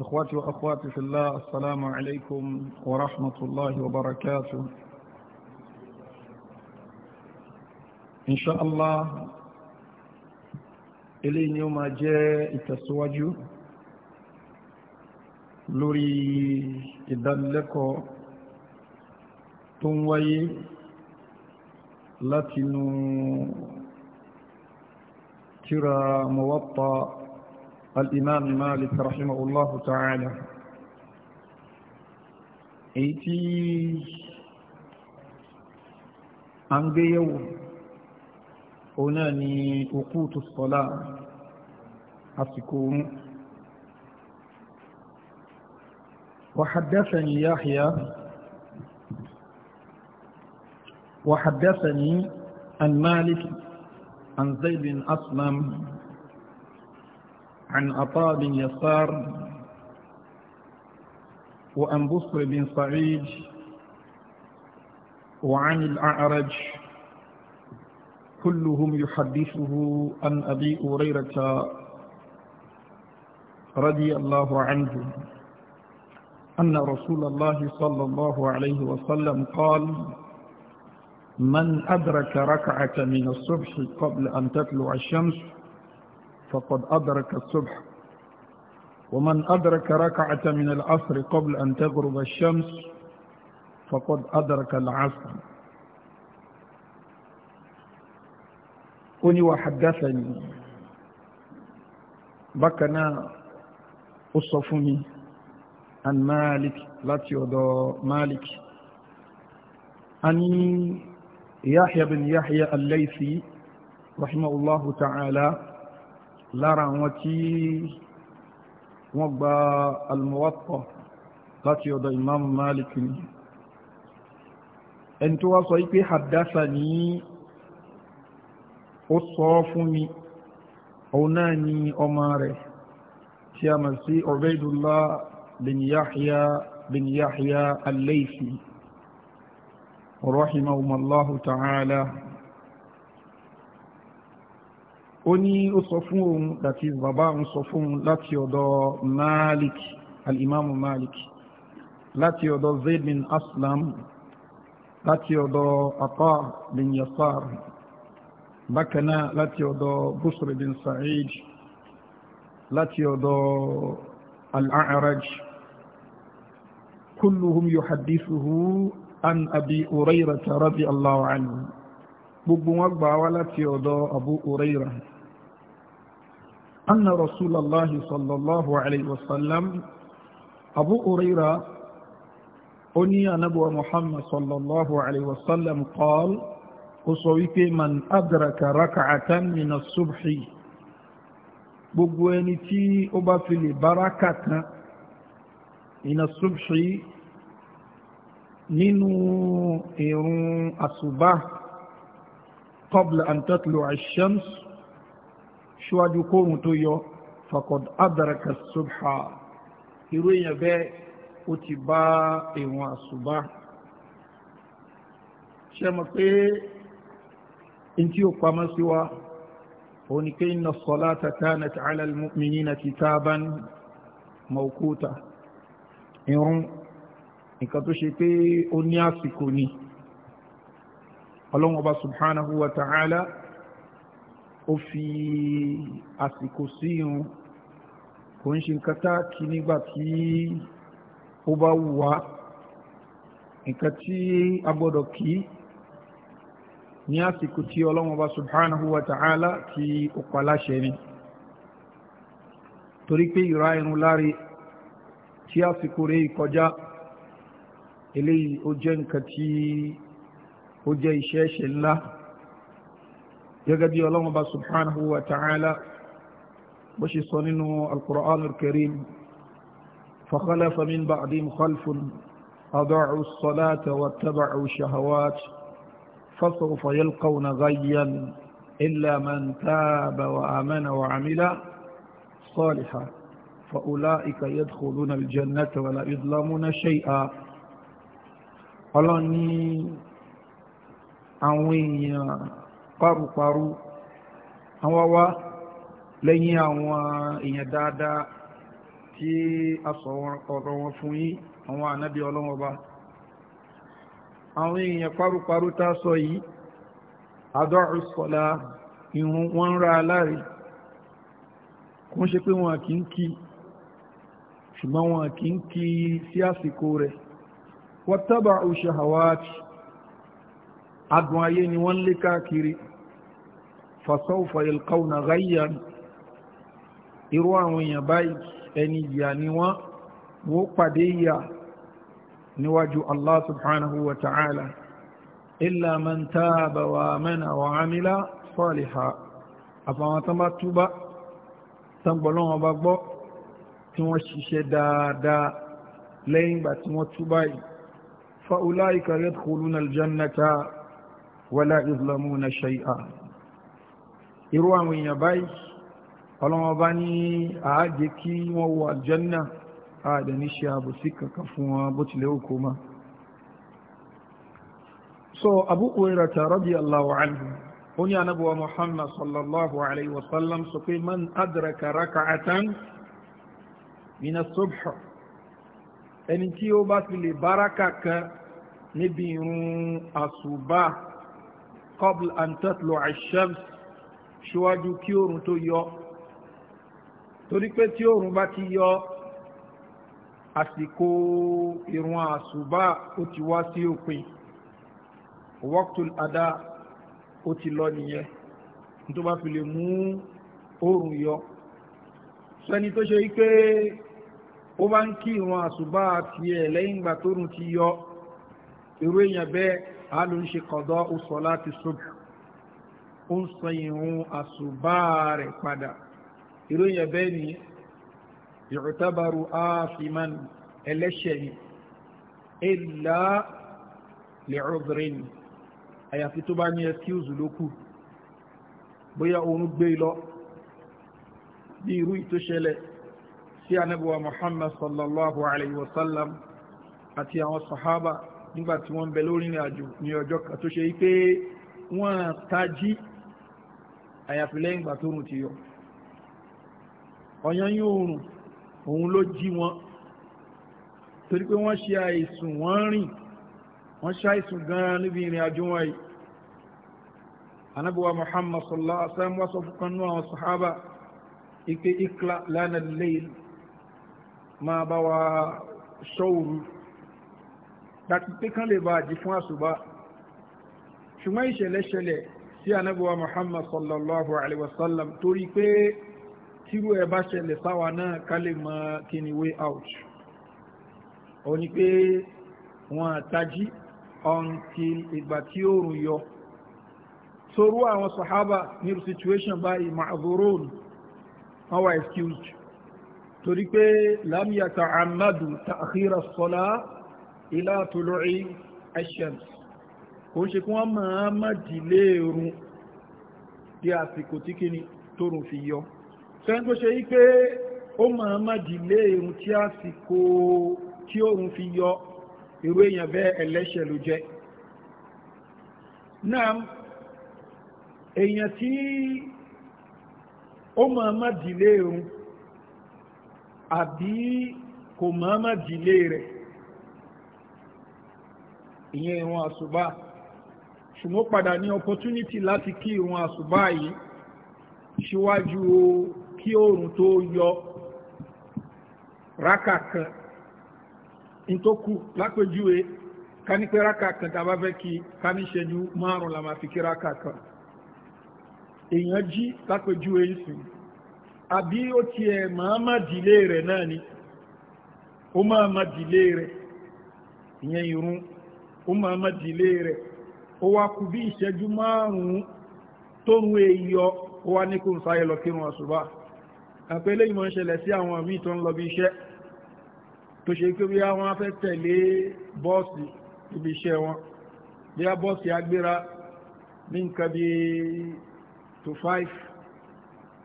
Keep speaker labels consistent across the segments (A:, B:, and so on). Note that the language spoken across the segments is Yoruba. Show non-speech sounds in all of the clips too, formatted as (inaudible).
A: إخواتي وأخواتي في الله السلام عليكم ورحمة الله وبركاته إن شاء الله إلين يوم جاء التسواج لوري إدلكو تنوي لاتنو ترى موطأ الإمام مالك رحمه الله تعالى إيتي أنجيو أناني أقوت الصلاة أتكون وحدثني يحيى وحدثني عن مالك عن زيد أسلم عن عطاء بن يسار وعن بصر بن صعيد وعن الأعرج كلهم يحدثه عن أبي هريرة رضي الله عنه أن رسول الله صلى الله عليه وسلم قال من أدرك ركعة من الصبح قبل أن تطلع الشمس فقد أدرك الصبح ومن أدرك ركعة من العصر قبل أن تغرب الشمس فقد أدرك العصر أني وحدثني بكنا أصفني عن مالك لا تيودو مالك أني يحيى بن يحيى الليثي رحمه الله تعالى lára àwọn tí wọ́n gba al-Muwatta láti ọ̀dọ̀ imam Malik ni ẹni tó wá sọ wípé haddasa ní ó sọ fún mi òun náà ni ọmọ rẹ̀ tí a mọ̀ sí Ubaydullah bin Yahya bin Yahya al-Laythi rahimahumullahu ó ní ó sọ fún òun àti bàbá òun sọ fún òun láti ọ̀dọ̀ malik al-imamu malik láti ọ̀dọ̀ zayd bin aslam láti ọ̀dọ̀ ata bin yasar bákan náà láti ọ̀dọ̀ busr bin sa'id láti ọ̀dọ̀ al-a'raj kulluhum yuhaddithuhu an abi urayrata radiyallahu anhu gbogbo wọn gbà wá láti ọ̀dọ̀ abu urayrata أن رسول الله صلى الله عليه وسلم أبو هريرة أني نبو محمد صلى الله عليه وسلم قال أصويك من أدرك ركعة من الصبح gbogbo ẹni tí ó الصبح fi lè báraka kan ìnà ṣubṣì nínú ìrun ṣíwájú kóòrùn tó yọ fakọd adaraka subha irú èèyàn bẹ́ẹ̀ ó ti bá ìwọ̀n àṣùbá ṣe mọ̀ pé in tí ó pamọ́ sí wa òun ni pé inna salata kanat ala almu'minina kitaban mawquta irun nǹkan tó ṣe pé ó ní àsìkò ni ọlọ́run ọba subhanahu wa ta'ala ó fi àsìkò sí irun kò ń ṣe nǹkan táàkì nígbà tí ó bá wù nǹkan tí a gbọ́dọ̀ kí ní àsìkò tí ọlọ́wọ́n bá subhanahu wa ta'ala tí ó paláṣẹ ni torí pé ìra irun láre tí àsìkò rẹ̀ ìkọjá eléyìí ó jẹ́ nǹkan tí ó jẹ́ iṣẹ́ ẹ̀ṣẹ̀ ńlá يغدي الله سبحانه وتعالى باش صننه القرآن الكريم فخلف من بعدهم خلف أضاعوا الصلاة واتبعوا الشهوات فسوف يلقون غيا إلا من تاب وآمن وعمل صالحا فأولئك يدخلون الجنة ولا يظلمون شيئا أني أعوين paru-paru àwọn wá lẹ́yìn àwọn èèyàn dáadáa tí a sọ ọ̀rọ̀ wọn fún yín àwọn àwọn èèyàn paru-paru tá sọ yìí adọ́rù sọ́lá ìrun wọn ra aláre kún ṣe pé wọn kì ń kí ṣùgbọ́n wọn kì ń kí sí àsìkò rẹ̀ wọ́n tábà adùn ayé ni wọ́n فسوف يلقون غيا يروان وين يباي اني جانيوا وقديا نواجه الله سبحانه وتعالى إلا من تاب وامن وعمل صالحا أفما تما توبا تنبلون وبقبو تنوشيش دا دا لين باتما توباي فأولئك يدخلون الجنة ولا يظلمون شيئا irú àwọn èèyàn báyìí ọlọ́wọ́ bá ní àájé kí wọ́n wọ àlùjánnà ààdẹ̀ ní ṣe àbòsí kankan fún wọn bó tilẹ̀ òkú ma so Abu Hurairah radiyallahu anhu ó ní anábọ̀wà Muhammad sallallahu alaihi wasallam sọ pé man adraka raka'atan min as-subh ẹni tí ó bá fi lè báraka kan níbi irun àsùbá qabla an tatlu'a ash ṣíwájú kí oòrùn tó yọ torí pé tí oòrùn bá ti yọ àsìkò ìrun àsùbá ó ti wá sí òpin waqtul ada ó ti lọ nìyẹn tó bá fi lè mú oòrùn yọ sẹ́ni tó ṣe wípé ó bá ń kí ìrun àsùbá tiẹ̀ lẹ́yìn ìgbà tóòrùn ti yọ irú èèyàn bẹ́ẹ̀ á ló ń ṣe qada salati subh ó ń san ìrun àsùbá rẹ̀ padà ìròyìn ẹ̀bẹ́ ni yu'tabaru afiman ẹlẹ́ṣẹ̀ ni illa li'udhrin àyàfi tó bá ní ẹkíùzù lókù bóyá òun gbé e lọ bí irú ìtóṣẹlẹ̀ sí anábíwa muhammad sallallahu alayhi wa sallam àti àwọn sahaba nígbàtí wọ́n bẹ lórí ìrìn àjò ní ọjọ́ kan tó ṣe wípé wọ́n tají àyàfi lẹ́yìn ìgbà tó rùn ti yọ ọ̀yán yóò rùn òun ló jí wọn torí pé wọ́n ṣe àìsùn wọ́n rìn wọ́n ṣe àìsùn gan-an níbi ìrìn àjò wọn yìí anábíwá Muhammad sallallahu alaihi wasallam wọ́n sọ fún kan àwọn sàhábà ike ikla lánàá lẹ́yìn máa bá wa ṣọ́ọ̀rù dàtí pé kán lè bá àjí fún àṣùbá ṣùgbọ́n ìṣẹ̀lẹ̀ ṣẹlẹ̀ sí anábíwá muhammad sallallahu alaihi wasallam torí pé tírú ẹ bá ṣẹlẹ̀ sáwa náà ká lè mọ kí ni way out ó ní pé wọn àtají until ìgbà tí oòrùn yọ torú àwọn sàhábà nírú situation báyìí ma'dhurun wọ́n wà excused torí pé lam yata'ammadu ta'khira as-salah ila tulu'i kò ń ṣe kí wọ́n máa má dìlé oorun di àsìkò tí kíni tóorùn fi yọ sẹ́ńtò ṣe yí pé ó máa má dìlé oorun tí àsìkò tí oorun fi yọ irú èèyàn bẹ́ẹ̀ ẹlẹ́ṣẹ̀ ló jẹ́ náà èèyàn tí ó máa má dìlé oorun àbí kò máa má dìlé rẹ̀ ìyẹn ìrun àsùbá ṣùgbọ́n padà ní opportunity láti kí ìrun àsùbá yìí ṣíwájú kí oòrùn tó yọ rákà kan ntókù lápèjúwe ká ní pé rákà kan tá fẹ́ kí ká ní ṣẹ́jú márùn-ún la máa fi kí rákà kan èèyàn jí lápèjúwe ìsìn àbí ó tiẹ̀ máa má dìlé rẹ̀ náà ni ó máa má dìlé rẹ̀ ìyẹn ìrun ó máa má dìlé rẹ̀ ó wá kú bí ìṣẹ́jú márùn-ún tóun èyọ ó wá ní kó ń sáyẹ lọ kírun àṣùbà àpé eléyìí mọ́ ń ṣẹlẹ̀ sí àwọn míì tó ń lọ bí iṣẹ́ tó ṣe pé bí àwọn afẹ́ tẹ̀lé bọ́ọ̀sì ibi iṣẹ́ wọn bí a bọ́ọ̀sì agbéra ní nǹkan bí to five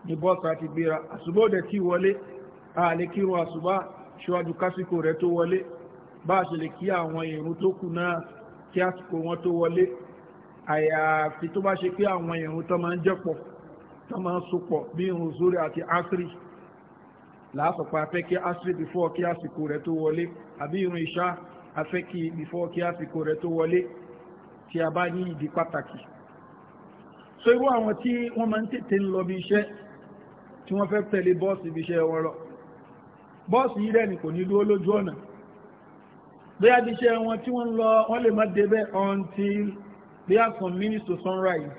A: ni bọ́ọ̀sì àti gbéra àṣùbà òdẹ̀ tí wọlé àlè kírun àṣùbà ṣíwájú kásìkò rẹ̀ tó wọlé bá a ṣe lè kí àwọn èrò tó kù náà kí àsìkò wọn tó wọlé àyàfi tó bá ṣe pé àwọn ìrun tó máa ń jẹ́pọ̀ tó máa ń sopọ̀ bí ìrun zuri àti asiri láàpọ̀pọ̀ afẹ́ kí asiri before kí àsìkò rẹ̀ tó wọlé àbí ìrun a afẹ́ kí before kí àsìkò rẹ̀ tó wọlé tí a bá ní ìdí pàtàkì so irú àwọn tí wọ́n máa ń tètè ń lọ bí iṣẹ́ tí wọ́n fẹ́ tẹ̀lé bọ́ọ̀sì ibi iṣẹ́ wọn lọ bọ́ọ̀sì yìí rẹ̀ ni kò ní dúró lójú ọ̀nà bóyá bí iṣẹ́ wọn tí wọ́n ń lọ wọ́n lè má débẹ̀ until they have some minutes to sunrise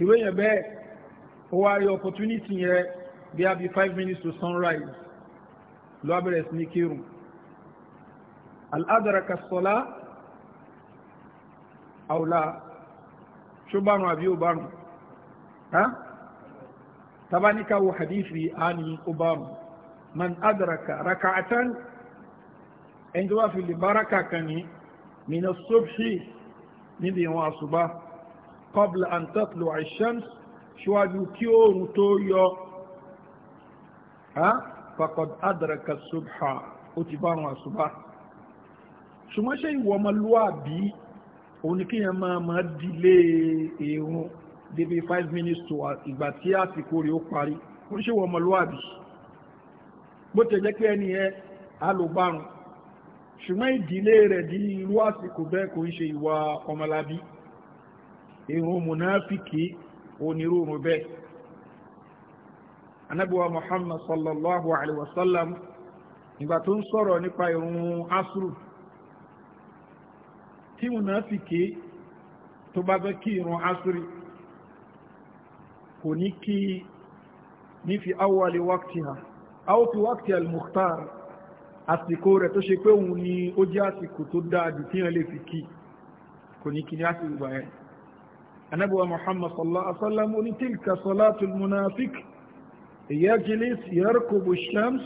A: ìwé yẹn bẹ́ẹ̀ ó wá rí opportunity yẹn they have the five minutes to sunrise ló wá bẹ̀rẹ̀ sí ní kírun al-adraka Aula, sala aw la ṣó àbí ó bárun tabanika wo hadithi a ní ó man adraka raka'atan ẹni tó wá fi lè bá raka kan ní min as níbi ìwọ̀n àṣùbá qabla an tatlu ash-shams ṣíwájú kí oòrùn tó yọ faqad adraka subha ó ti bá wọn àṣùbá ṣùgbọ́n ṣe ìwọ ọmọlúwàbí òun ni kí yẹn máa máa dilé irun débi five minutes to ìgbà tí àsìkò rẹ̀ ó parí ó ṣe ìwọ ọmọlúwàbí bó tẹ̀ jẹ́ pé ẹni yẹn á ún ṣùgbọ́n ìdílé rẹ̀ di irú àsìkò bẹ́ẹ̀ kò ń ṣe ìwà ọmọlábí ìrun mùnáfíkì onírúurú bẹ́ẹ̀ anábíwá muhammad sallallahu alaihi wasallam ìgbà tó ń sọ̀rọ̀ nípa ìrun asru tí mùnáfíkì tó bá fẹ́ kí ìrun asri kò ní kí ní fi awwali waqtiha aw fi waqti al-mukhtar àsìkò rẹ̀ tó ṣe pé òun ni ó jẹ́ àsìkò tó dáa jù tí wọ́n lè fi kí kò ní kí ní àsìkò gbà yẹn anabuwa muhammad sallallahu alaihi wasallam ó ní tilka salatul munafik yajlis shams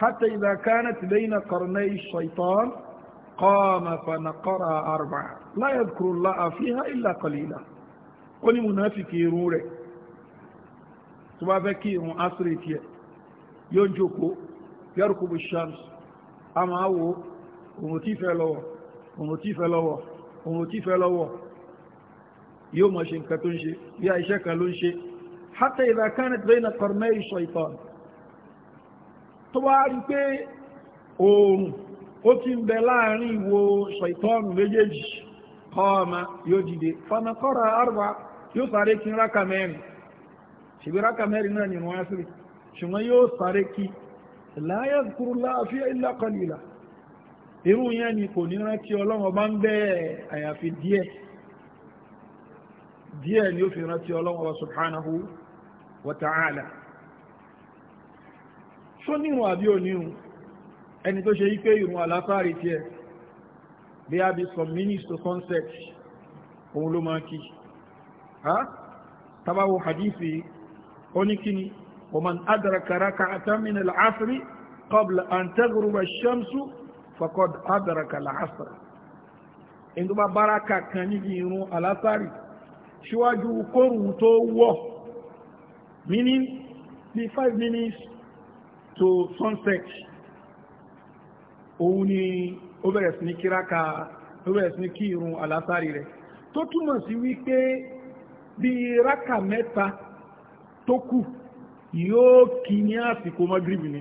A: hatta idha kanat bayna qarnay shaitan qama fanaqara arba'a la yadhkuru allaha fiha illa ó ní munafiki irun rẹ̀ tó bá fẹ́ kí irun asiri tiẹ̀ yóò jókòó yarkubu shams a máa wo òun tí fẹ́ lọ́wọ́ òun tí fẹ́ lọ́wọ́ òun tí fẹ́ lọ́wọ́ yóò mọ̀ ṣe nǹkan tó ń ṣe bí i iṣẹ́ kan ló ń ṣe hátà ìdákanẹ̀ tó yẹnà kọ̀rọ̀mẹ́ ìṣọ̀ ìtàn tó bá rí pé oòrùn ó ti ń bẹ láàrin ìwo ṣọ̀ìtọ́nù méjèèjì kọ́ọ̀mà yóò dìde fanakọ́ra arba yóò sáré kí rákà mẹ́rin ṣèbí rákà mẹ́rin náà nìrún wá ṣùgbọ́n yóò sáré kí láyé kúrú láàfíà ilá kọlìlà irú yẹn ni kò ní rántí ọlọ́run bá ń bẹ́ àyàfi díẹ̀ díẹ̀ ni ó fi rántí ọlọ́run wa subhanahu wa ta'ala ṣó nírun àbí onírun ẹni tó ṣe wípé ìrun àlásàrì tiẹ̀ bí a bí some minutes to sunset òun ló máa kí tabawo hadithi oníkíní ومن أدرك ركعة من العصر قبل أن تغرب الشمس فقد أدرك العصر عندما دبا بركة كان يجيرون على ثاري شواجو كورتو وو meaning the five minutes to sunset òun ni ó bẹ̀rẹ̀ sí ní kíráka ó bẹ̀rẹ̀ sí ní kí irun àlásárì rẹ̀ tó túmọ̀ sí wípé bí ráka mẹ́ta tó kù yóò kí ní àsìkò mọ́gírìbì ni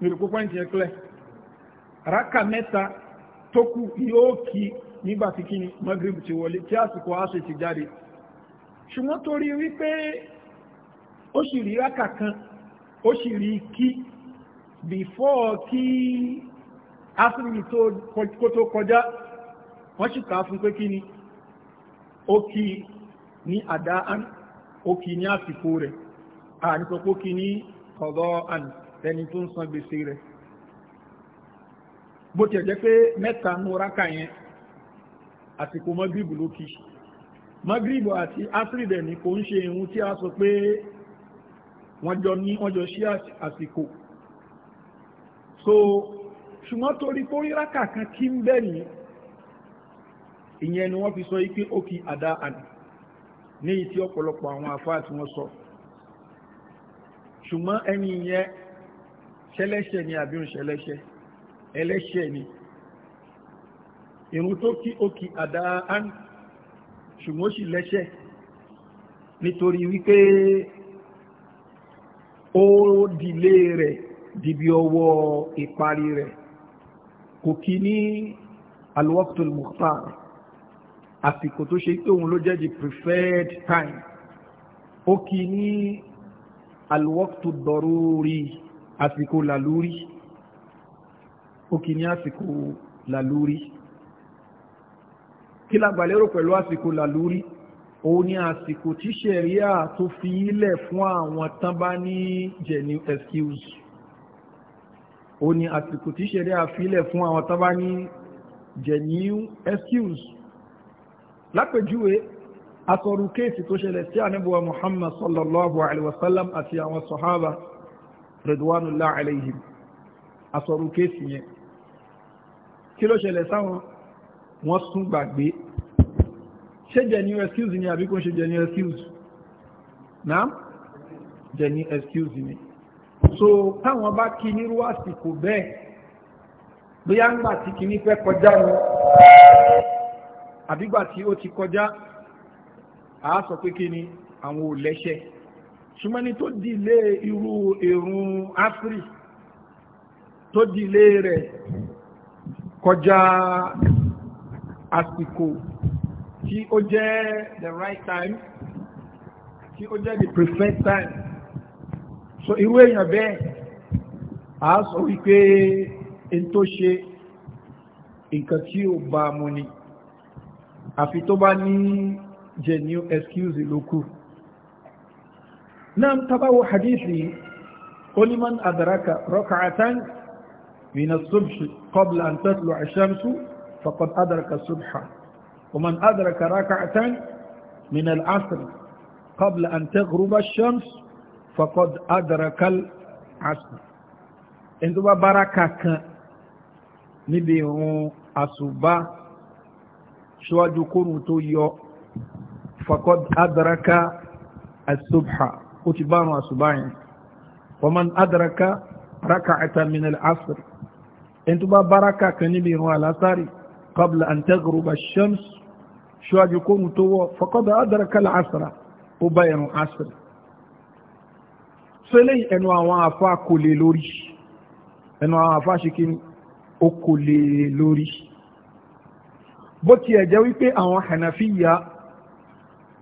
A: mẹ́rẹ̀kó pọ́ìntì yẹn kílẹ̀ rákà mẹ́ta tó yóò kí nígbà tí ti wọlé tí àsìkò aṣọ ti jáde ṣùgbọ́n torí wípé ó sì rí kan ó sì rí kí before kí kó kọjá wọ́n sì fún pé kí ó kí ní àníkòpó kí ní ọ̀dọ́ àn ẹni tó ń san gbèsè rẹ̀ bó tiẹ̀ jẹ́ pé mẹ́ta nú rákà yẹn àsìkò mọ́gírìbù ló kí mọ́gírìbù àti áfírídẹ̀ ní kò ń ṣe ìhun tí a sọ pé wọ́n jọ ní wọ́n sí àsìkò so ṣùgbọ́n torí kó rí rákà kan kí ń bẹ́ ní ìyẹn ni wọ́n fi sọ yí pé ó kí àdá àná ní ìtí ọ̀pọ̀lọpọ̀ àwọn àfáà tí wọ́n sọ so ṣùgbọ́n ẹni yẹn ṣẹlẹ́ṣẹ̀ ni àbí òun ṣẹlẹ́ṣẹ̀ ẹlẹ́ṣẹ̀ ni ìrun tó kí ó kí àdáhán ṣùgbọ́n ó sì lẹ́ṣẹ̀ nítorí wípé ó dìlé rẹ̀ dìbí ọwọ́ ìparí rẹ̀ kò kí ní alwaqtul mukhtar àsìkò tó ṣe pé òun ló jẹ́ the preferred time ó kí ní alwọ́kùtù dọ̀rúurí àsìkò làlúrí ó kì ní àsìkò làlúrí kí lágbàlérò pẹ̀lú àsìkò làlúrí òun ni àsìkò tí ṣẹ̀ríà tó fi ilẹ̀ fún àwọn tán bá ní genuine excuse òun ni àsìkò tí ṣẹ̀ríà fi fún àwọn tán bá ní genuine excuse lápèjúwe asọ̀rù kéèsì tó ṣẹlẹ̀ sí ànábùwà muhammad sallallahu alaihi wasallam àti àwọn sọ̀hábà ridwanullah alaihim asọ̀rù kéèsì yẹn kí ló ṣẹlẹ̀ sáwọn wọ́n sún gbàgbé ṣé genuine excuse ni àbí kò ṣe genuine excuse náà genuine excuse ni so táwọn bá kí nírú àsìkò bẹ́ẹ̀ bóyá ń gbà tí kìíní fẹ́ kọjá wọn àbígbà tí ó ti kọjá a sọ pé kí ni àwọn ò lẹ́ṣẹ̀ ṣùgbọ́n ní tó dìlé irú ìrun áfírì tó dìlé rẹ̀ kọjá àsìkò tí ó jẹ́ the right time tí ó jẹ́ the preferred time so irú èèyàn bẹ́ẹ̀ a sọ wípé n tó ṣe nǹkan tí ò bá mu ni àfi tó bá ní genuine excuse ló kù náà tabawo hadithi onímọ̀n adaraka rak'atan من الصبح قبل أن تطلع الشمس فقد أدرك الصبح ومن أدرك ركعة من العصر قبل أن تغرب الشمس فقد أدرك العصر ẹni tó bá bára kankan níbi ìrun àsùbá ṣíwájú kóòrùn tó yọ fakọ́d adaraka asubha ó ti bá àwọn àṣùbá yẹn waman adaraka raka'ata min al-asr ẹni tó bá baraka kan níbi ìrún alásárì qabla an taghruba ash-shams ṣíwájú kóhun tó wọ fakọ́d adaraka al-asra ó bá ìrún asr so eléyìí ẹnu àwọn àfa kò lè lórí ẹnu àwọn àfa ṣe kí ni ó kò lè lórí bó tiẹ̀ jẹ́ wípé àwọn hànàfíyà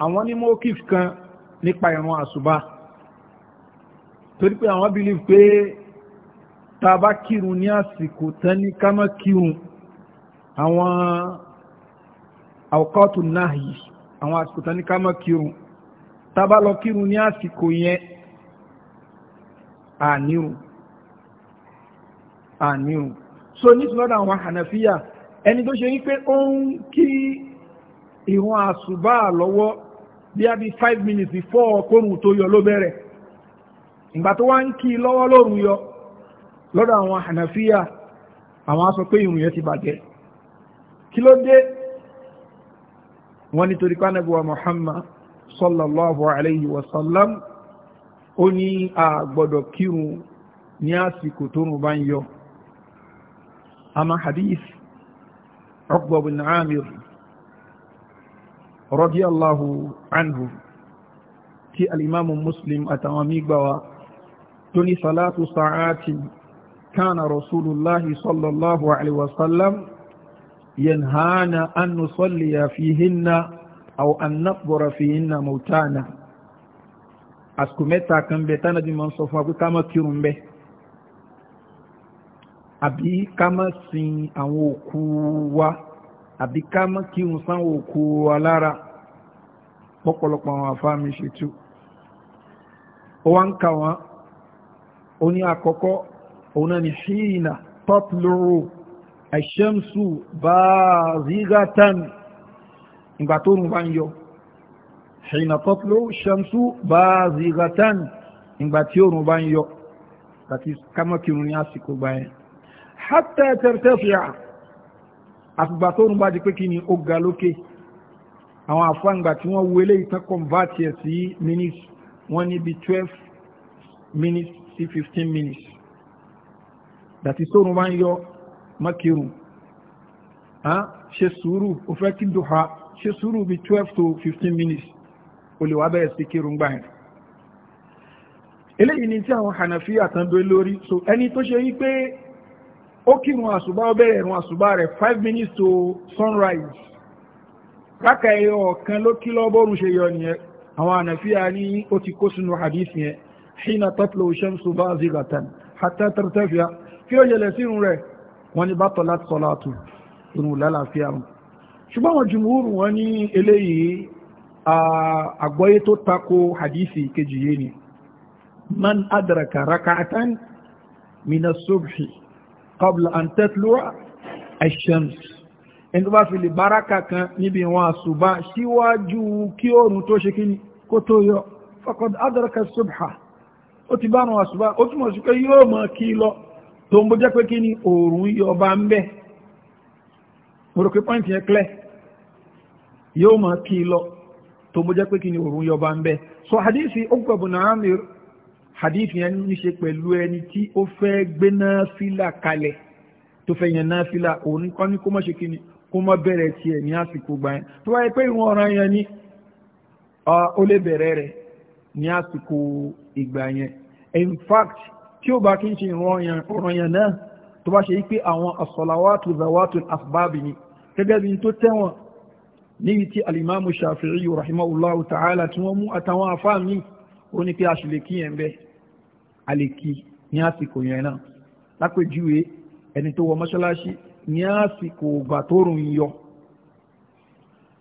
A: àwọn ní mokif kan nípa ìrun àṣùbá torí pé àwọn bílí pé tá a bá kírun ní àsìkò tán ní ká má kírun àwọn àwòkọ́tù náà yìí àwọn àsìkò tán ní ká má kírun tá bá lọ kírun ní àsìkò yẹn àníhùn àníhùn so nítorí àwọn hànàfíà ẹni tó ṣe wípé ó ń kí ìrun àṣùbá lọ́wọ́ bí a bí five minutes before kóòrùn tó yọ ló bẹ̀rẹ̀ ìgbà tó wá ń kí lọ́wọ́ lóòrùn yọ lọ́dọ̀ àwọn hànàfíà àwọn aṣọ pé ìrùn yẹn ti bàjẹ́ kí ló dé wọ́n nítorí pánàbíwá Muhammad sallallahu alayhi wa sallam ó ní a gbọ́dọ̀ kírun ní àsìkò tó rùn bá ń yọ àmà hadith Uqba bin Amir radiyallahu anhu tí alìmáàmù muslim àtàwọn mígbàwá tó ní salatu sa'ati kana rasulullahi sallallahu alaihi wasallam yanhana an nusalliya fihinna aw an naqbura fihinna mautana àsìkò mẹ́ta kan bẹ tánà bí ma ń sọ fún akú ká má kírun bẹ́ àbí ká má sin àwọn òkú wa àbí ká mọ́ kí n sanwó oko wa lára pọ́pọ̀lọpọ̀ àwọn àfáà mi ṣètò ó wá ń kà wọ́n ó ní àkọ́kọ́ òun náà ni ṣíìnà tọ́tlóró àṣẹ́mṣù bá zígátán ìgbà tó rùn bá ń yọ ṣíìnà tọ́tlóró ṣẹ́mṣù bá zígátán ìgbà tí òrùn bá ń yọ àti kámọ́kìrún ní àsìkò gbáyẹn hátà tẹ́rẹ́tẹ́fìyà àfìgbà tó rùn bá di pé kí ni ó ga lókè àwọn àfáǹgbà tí wọ́n wo eléyìí convert ẹ̀ sí minutes wọ́n ní bí twelve minutes sí fifteen minutes dàtí sórun bá ń yọ mákìrù ṣe sùúrù ó fẹ́ kí dùhà ṣe sùúrù bí twelve to fifteen minutes ó lè wá bẹ̀rẹ̀ sí kírun gbà yẹn eléyìí ni tí àwọn hànàfíà tán dó lórí so ẹni tó ṣe yí pé ó kírun àṣùbá ó bẹ̀rẹ̀ ìrun àṣùbá rẹ̀ five minutes to sunrise rákà ẹyọ ọ̀kan ló kí lọ́bọ̀rún ṣe yọ nìyẹn àwọn ànàfíà ní ó ti kó sínú hadith yẹn hina tatlo shamsu bazigatan hatta tartafiya kí ó yẹlẹ̀ sínú rẹ̀ wọ́n ní bàtọ̀ láti sọ látù irun lálàáfíà mu ṣùgbọ́n àwọn jùmúrù wọn ní eléyìí àgbọ́yé tó tako hadith kejì yé ni man adraka raka'atan min qabla and tatlu'a ash-shams ẹni kan níbi ìwọ̀n àṣùbá síwájú kí oorun tó ṣe kí kó tó yọ subha ó ti bá rùn àṣùbá ó túnmọ̀ mọ̀ lọ yóò mọ̀ kí lọ tó pé kí yọ hadith yẹn ní ṣe pẹ̀lú ẹni tí ó fẹ́ gbé náfìlà kalẹ̀ tó fẹ́ yan náfìlà òun kọ́ ní kó má ṣe kíni kó má bẹ̀rẹ̀ tiẹ̀ ní àsìkò gbà yẹn tó wáyé pé ìwọ̀n ọ̀ràn yẹn ni ó lè bẹ̀rẹ̀ rẹ̀ ní àsìkò ìgbà yẹn in fact tí ó bá kí n ṣe ọ̀ràn yẹn náà tó bá ṣe pé àwọn as-salawatu zawatu ni gẹ́gẹ́ bí tó tẹ́wọ̀n níbi tí alimamu shafi'i rahimahullahu ta'ala tí wọ́n mú àtàwọn afáàmì ó ní pé a ṣe lè bẹ́ẹ̀ àlèkí ní àsìkò yẹn náà lápèjúwe ẹni tó wọ mọ́ṣáláṣí ní àsìkò ògbà tó rùn yọ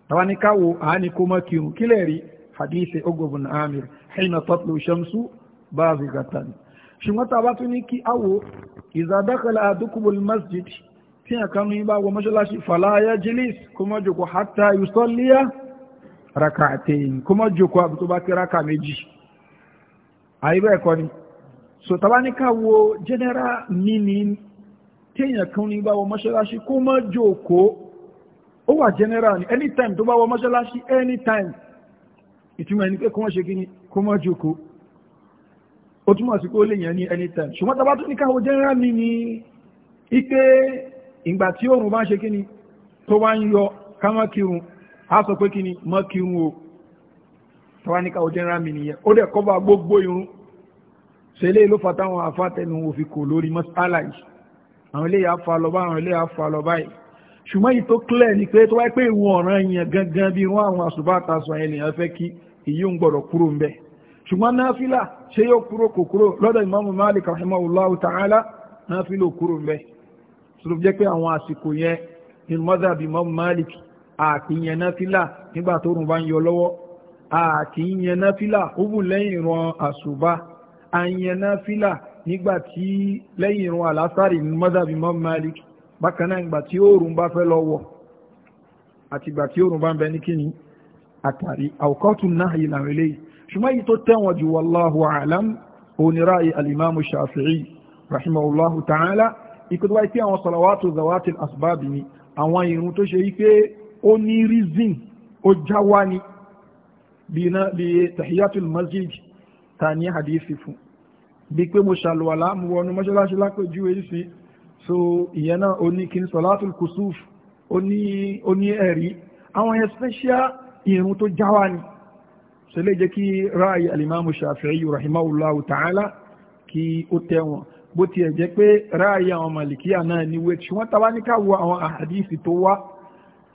A: tawanikawo àání kó mọ́ kírun kílẹ̀ rí hadith ogbobin amir hina tatlu shamsu bazigatan ṣùgbọ́n tá a bá tún ní kí awo ìzàdákàlà àdúkùbùl masjid tí a kanú yí bá wọ mọ́ṣáláṣí fàláyá jílís kó mọ́ jòkó hátà yusalliya rak'atayn kó mọ́ jòkó àbútó kí raka méjì àyíbẹ̀ ẹ̀kọ́ ni so tabaníká wo general meaning téèyàn kan ní bá wọ mọ́ṣáláṣí kó má jókòó ó wà general ni anytime tó bá wọ mọ́ṣáláṣí anytime ìtumọ̀ ẹni pé kó má ṣe kí ni kó má jókòó ó túmọ̀ sí kó lè yàn ní anytime ṣùgbọ́n tabá tó ní káwọ general meaning ike ìgbà tí òòrùn bá ń ṣe kí ni tó wá ń yọ ká má kírun á sọ pé kí ni má kírun o tabaníká wo general meaning yẹn ó dẹ̀ kọ́ bá gbogbo irun ṣe ilé ló fatáwọn afátẹnu òfin kò lórí mọ́sálà yìí àwọn ilé yà fa lọ́bá àwọn ilé yà fa lọ́bá yìí ṣùgbọ́n yìí tó clear ni pé tó wáyé pé ìwọ̀n ọ̀ràn yẹn gangan bí wọ́n àwọn àṣùbá àtàṣọ yẹn lèèyàn fẹ́ kí èyí ń gbọ́dọ̀ kúrò ń bẹ̀ ṣùgbọ́n náfìlà ṣé yóò kúrò kò kúrò lọ́dọ̀ ìmáàmù Malik rahimahullahu àyànná fílà nígbà tí lẹ́yìn irun àlásàrì ní mọ́sàbí mọ́ Malik bákan náà ìgbà tí oòrùn bá fẹ́ lọ wọ̀ àti ìgbà tí oòrùn bá ń bẹ ní kíni àtàrí àwòkọ́tù náà ìlànà eléyìí ṣùgbọ́n èyí tó tẹ̀wọ̀n jù wallahu a'lam onírà al Shafi'i rahimahullahu ta'ala ìkọ́tọ́ wáyé pé àwọn salawatu zawati al ni àwọn irun tó ṣe wípé ó ní rizin ó já wá bí tahiyatul masjid ta ní hadisi fún bí pé mo ṣàlùwàlá mo wọnú mọ́ṣáláṣí lápèjúwe sí so ìyẹn náà ó ní kí n sọ̀látùl kùsùf ó ní ẹ̀rí àwọn yẹn special irun tó jáwá ni so lè jẹ́ kí ráàyè alimamu shafi'i rahimahullahu ta'ala kí ó tẹ́ wọn bó tiẹ̀ jẹ́ pé ráàyè àwọn màlìkíyà náà ni wé ṣùgbọ́n tàbá ní ká wo àwọn àhàdìsì tó wá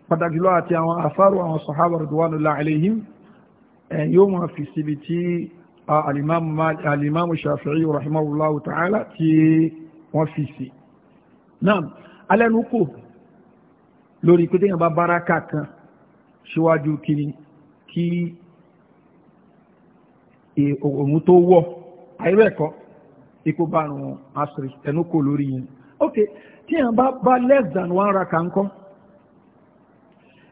A: pàtàkì lọ́wọ́ àti àwọn àfárò àwọn sọ̀hábà radwanullahi alaihim yóò máa fi síbi tí alimamu shafi'i rahimahullahu ta'ala tí wọ́n fi sí náà alẹ́nu kò lórí pé téèyàn bá báraka kan síwájú kiri kí e, òun tó wọ̀ àìrẹ́kọ́ ikú bá rùn asiri ẹnu kò lórí yẹn ok téèyàn bá bá less than one raka ńkọ́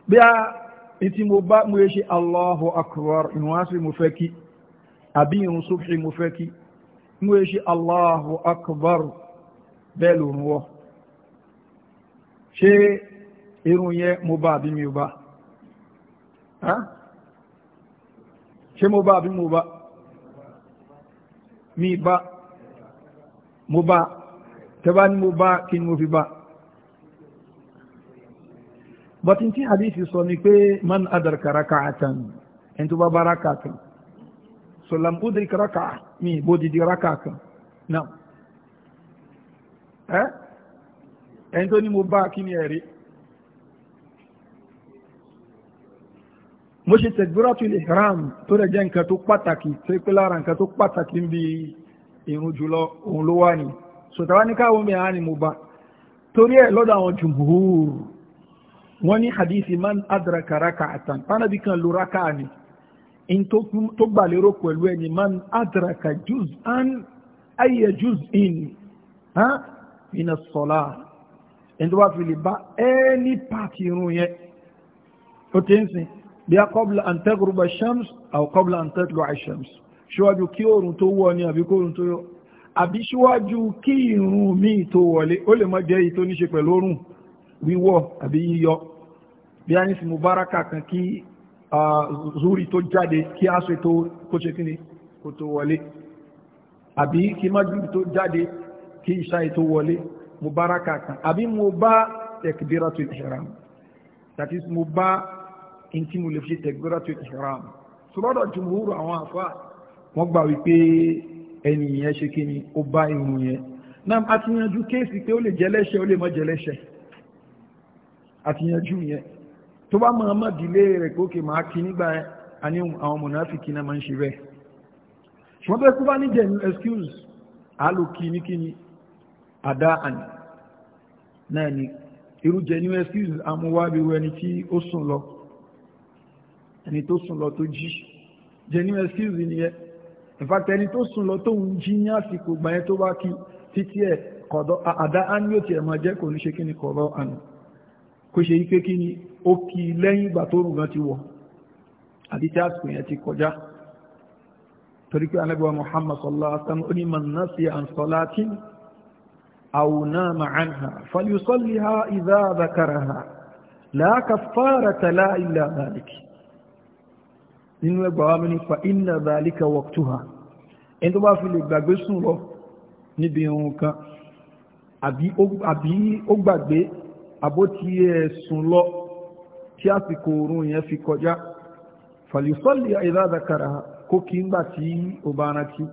A: bí a ti mo bá mo ṣe Allahu akbar ìwọ̀n asiri mo fẹ́ kí àbí irun sókè mo fẹ́ kí ní wọ́n ṣe Allahu akbar bẹ́ẹ̀ lòrùn wọ́ ṣé irun yẹn mo bá àbí mi ò bá ṣé mo bá àbí mo bá mi bá mo bá tẹ́bá ní mo bá kí ni mo fi bá bọ́tí tí hadisi sọ ni pé man adarka raka'atan ẹni tó bá bá rákàtàn so lam udrik raka mi bodi di raka kan náà ẹ eh? ẹni tó ní mo bá kí ni ẹ̀rí mo ṣe takbiratul ihram tó rẹ̀ jẹ́ nǹkan tó pàtàkì tó pé lára nǹkan tó pàtàkì ń bi irun jùlọ òun ló wà ní sọ̀tàwá ní káwọn mi àá ni mo bá torí ẹ̀ lọ́dọ̀ àwọn jumhur wọ́n ní hadisi man adra raka atan pánàbí kan lu raka ni in tó gbà lérò pẹ̀lú ẹni man adraka juz an ayé juz in ha min as-salah ẹni tó bá fi lè bá ẹni pàtì irun yẹn ó ti ń sìn bí a qabla an shams aw qabla an tatlu'a shams ṣíwájú kí oòrùn tó wọ̀ ni àbí kóòrùn tó yọ àbí ṣíwájú kí irun míì tó wọlé ó lè má jẹ́ èyí tó ní ṣe pẹ̀lú oòrùn wíwọ̀ àbí yíyọ bí a ní sí mubaraka kan kí zuri tó jáde kí á ṣe tó kó ṣe kíni kó tó wọlé àbí kí májúrì tó jáde kí ìṣáì tó wọlé mo bá rákàkà àbí mo bá takbiratul ihram that is mo bá in tí mo lè fi takbiratul ihram sọ́dọ̀ jùmúrù àwọn àfáà wọ́n gbà wípé ẹni yẹn ṣe kí ni ó bá irun yẹn náà a ti kéèsì pé ó lè jẹ́lẹ́ṣẹ̀ ó lè má jẹ́lẹ́ṣẹ̀ a yẹn tó bá máa má dìlé rẹ̀ pé ókè máa kí nígbà àní àwọn mùnáfíkì náà máa ń ṣe bẹ́ẹ̀ ṣùgbọ́n bẹ́ẹ̀ tó bá ní jẹ̀nu excuse àlòkì ní kíni àdá àní náà ni irú jẹ̀nu excuse amúwábíwọ ẹni tí ó sùn lọ ẹni tó sùn lọ tó jí jẹ̀nu excuse ni in fact ẹni tó sùn lọ tó ń jí ní àsìkò gbà yẹn tó bá kí títí ẹ̀ kọ̀dọ̀ àdá àní yóò tiẹ̀ máa jẹ́ kò ní ṣe kíni kọ̀dọ̀ àná kò ṣe yí pé kíni ó kí lẹ́yìn ìgbà tó rùn gan ti wọ̀ àti tí àsìkò yẹn ti kọjá torí pé anábíwá muhammad sallallahu alaihi wasallam ó ní man nasiya an salatin aw nama anha falyusalliha idha dhakaraha la kaffarata la illa dhalik nínú ẹgbàá wa mi ní fa inna dhalika gbàgbé sùn lọ níbi sùn lọ tí àsìkò oorun yẹn fi kọjá fàlìsọ́lì ìdádàkàrà kó kí ń gbà tí ó bá rántí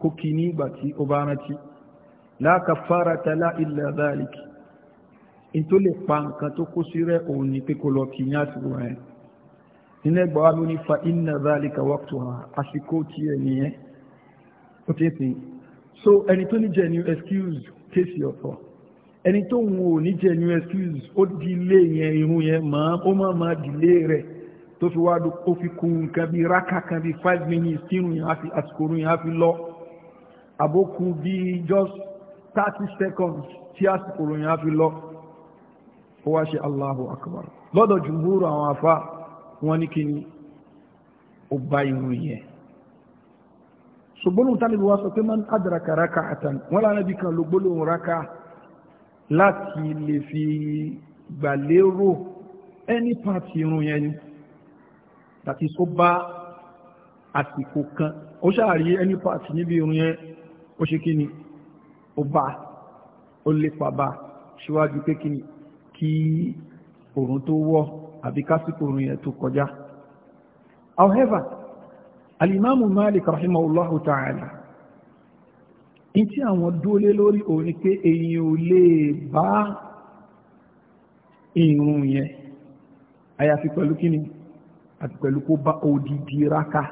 A: kó kí ní ìgbà tí ó bá rántí la kafarata la illa dhalik in tó lè pa nǹkan tó kó sí rẹ̀ òun ni pé kó lọ kí ní àsìkò rẹ̀ nínú ẹgbàá ló ní fa inna dhalika waqtuha àsìkò tí ẹ̀ nìyẹn ó ti sìn so ẹni tó ní jẹ́ new excuse case your ọ̀tọ̀ ẹni tó ń wò ní jẹnu excuse ó dilé yẹn irun yẹn mọ́ ó mọ́ mọ́ dilé rẹ̀ tó fi wá ó fi kun nǹkan bí rákà kan bí five minutes tí irun yẹn á fi àsìkò irun yẹn á fi lọ àbókù bí just thirty seconds tí àsìkò irun yẹn á fi lọ ó wá ṣe Allahu Akbar lọ́dọ̀ jùmúrù àwọn afá wọn ní kí ni ó bá irun yẹn ṣùgbọ́n òun tálíbi wá sọ pé man adraka rákà àtàn wọn lànà bí kan ló gbólóhùn rákà láti lè fi gbàlérò any part irun yẹn ni tàbí tó bá àsìkò kan ó ṣàrí any part níbi irun yẹn ó ṣe kí ni ó bá ó lépa bá ṣíwájú pé kí ni kí òrùn tó wọ̀ àbí kásìkò òrùn yẹn tó kọjá however alimamu malik rahimahullahu ta'ala in tí àwọn dúólé lórí òun ni pé èyàn ò lè bá ìrun yẹn àyàfi pẹ̀lú kíni àti pẹ̀lú kó bá odidi raka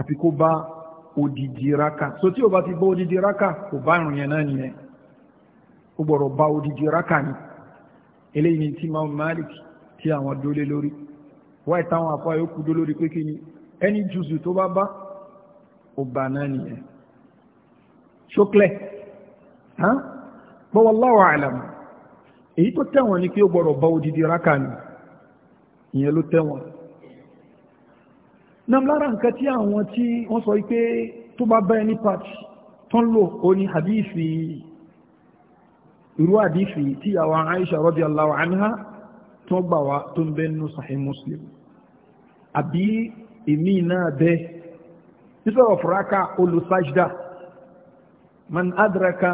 A: àti kó bá odidi raka so tí o bá ti bá odidi raka kò bá ìrun yẹn náà nìyẹn ó gbọ́dọ̀ bá odidi raka ni eléyìí ni tí Imam Malik tí àwọn dúólé lórí wáyé táwọn àfáà yóò kú pé kíni ẹni jùzù tó bá bá ó náà nìyẹn ṣókẹ́lẹ̀ bọ́wọ́ láwọ̀ àlàmù èyí tó tẹ̀wọ̀n ni kí ó gbọ́dọ̀ bá odidi rákà ní ìyẹn ló tẹ̀wọ̀n nam lára nǹkan tí àwọn tí wọ́n sọ pé tó bá bá ẹni pàtì tán lò ó ní hadithi irú hadithi tí ìyàwó Aisha radiyallahu anha tó gbà wá tó ń bẹ́ẹ̀ nù Muslim àbí èmi náà bẹ́ẹ̀ nítorí ọ̀fọ̀ráká olùsájídà man adraka